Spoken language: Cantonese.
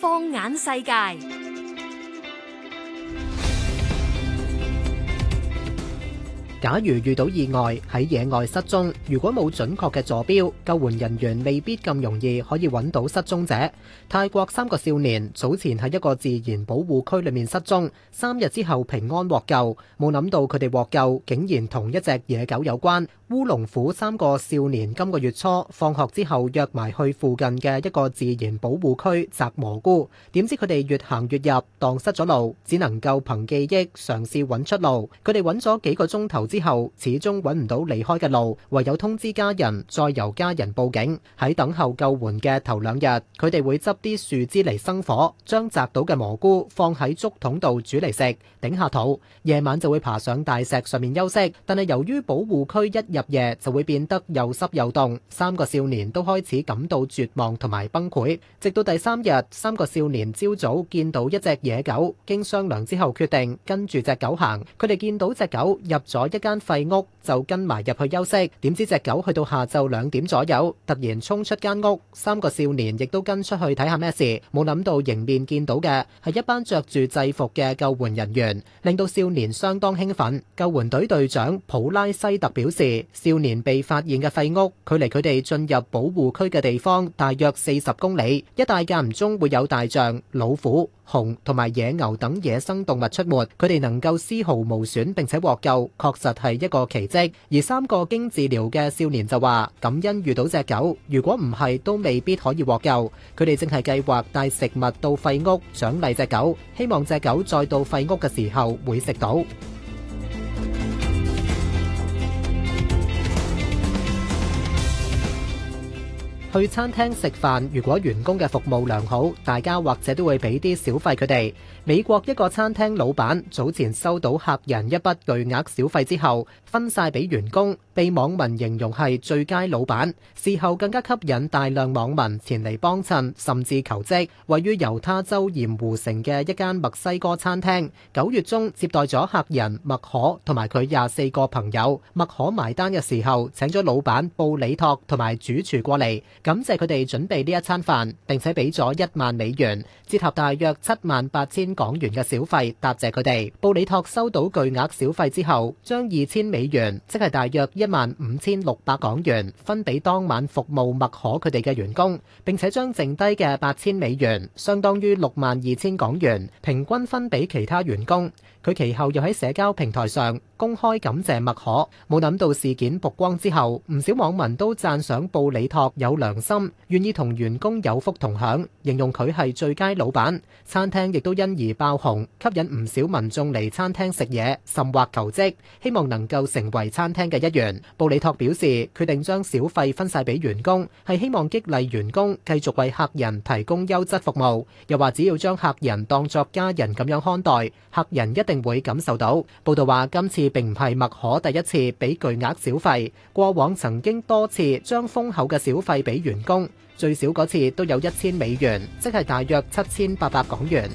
放眼世界。假如遇到意外喺野外失蹤，如果冇準確嘅坐標，救援人員未必咁容易可以揾到失蹤者。泰國三個少年早前喺一個自然保護區裏面失蹤，三日之後平安獲救，冇諗到佢哋獲救竟然同一隻野狗有關。烏龍府三個少年今個月初放學之後約埋去附近嘅一個自然保護區摘蘑菇，點知佢哋越行越入，蕩失咗路，只能夠憑記憶嘗試揾出路。佢哋揾咗幾個鐘頭。之後始終揾唔到離開嘅路，唯有通知家人，再由家人報警。喺等候救援嘅頭兩日，佢哋會執啲樹枝嚟生火，將摘到嘅蘑菇放喺竹筒度煮嚟食，頂下肚。夜晚就會爬上大石上面休息。但係由於保護區一入夜就會變得又濕又凍，三個少年都開始感到絕望同埋崩潰。直到第三日，三個少年朝早見到一隻野狗，經商量之後決定跟住隻狗行。佢哋見到隻狗入咗一間廢屋就跟埋入去休息，點知隻狗去到下晝兩點左右，突然衝出間屋，三個少年亦都跟出去睇下咩事，冇諗到迎面見到嘅係一班着住制服嘅救援人員，令到少年相當興奮。救援隊隊長普拉西特表示，少年被發現嘅廢屋，距離佢哋進入保護區嘅地方大約四十公里，一帶間唔中會有大象、老虎、熊同埋野牛等野生動物出沒，佢哋能夠絲毫無損並且獲救，確實。係一個奇蹟，而三個經治療嘅少年就話，感恩遇到隻狗，如果唔係都未必可以獲救。佢哋淨係計劃帶食物到廢屋，獎勵隻狗，希望隻狗再到廢屋嘅時候會食到。去餐廳食飯，如果員工嘅服務良好，大家或者都會俾啲小費佢哋。美國一個餐廳老闆早前收到客人一筆巨額小費之後，分晒俾員工。被網民形容係最佳老闆，事後更加吸引大量網民前嚟幫襯，甚至求職。位於猶他州鹽湖城嘅一間墨西哥餐廳，九月中接待咗客人麥可同埋佢廿四個朋友。麥可埋單嘅時候請咗老闆布里托同埋主廚過嚟，感謝佢哋準備呢一餐飯，並且俾咗一萬美元，折合大約七萬八千港元嘅小費答謝佢哋。布里托收到巨額小費之後，將二千美元，即係大約一萬五千六百港元分俾當晚服務麥可佢哋嘅員工，並且將剩低嘅八千美元，相當於六萬二千港元，平均分俾其他員工。佢其後又喺社交平台上公開感謝麥可，冇諗到事件曝光之後，唔少網民都讚賞布里托有良心，願意同員工有福同享，形容佢係最佳老闆。餐廳亦都因而爆紅，吸引唔少民眾嚟餐廳食嘢，甚或求職，希望能夠成為餐廳嘅一員。布里托表示，決定將小費分晒俾員工，係希望激勵員工繼續為客人提供優質服務。又話，只要將客人當作家人咁樣看待，客人一定會感受到。報道話，今次並唔係麥可第一次俾巨額小費，過往曾經多次將豐厚嘅小費俾員工，最少嗰次都有一千美元，即係大約七千八百港元。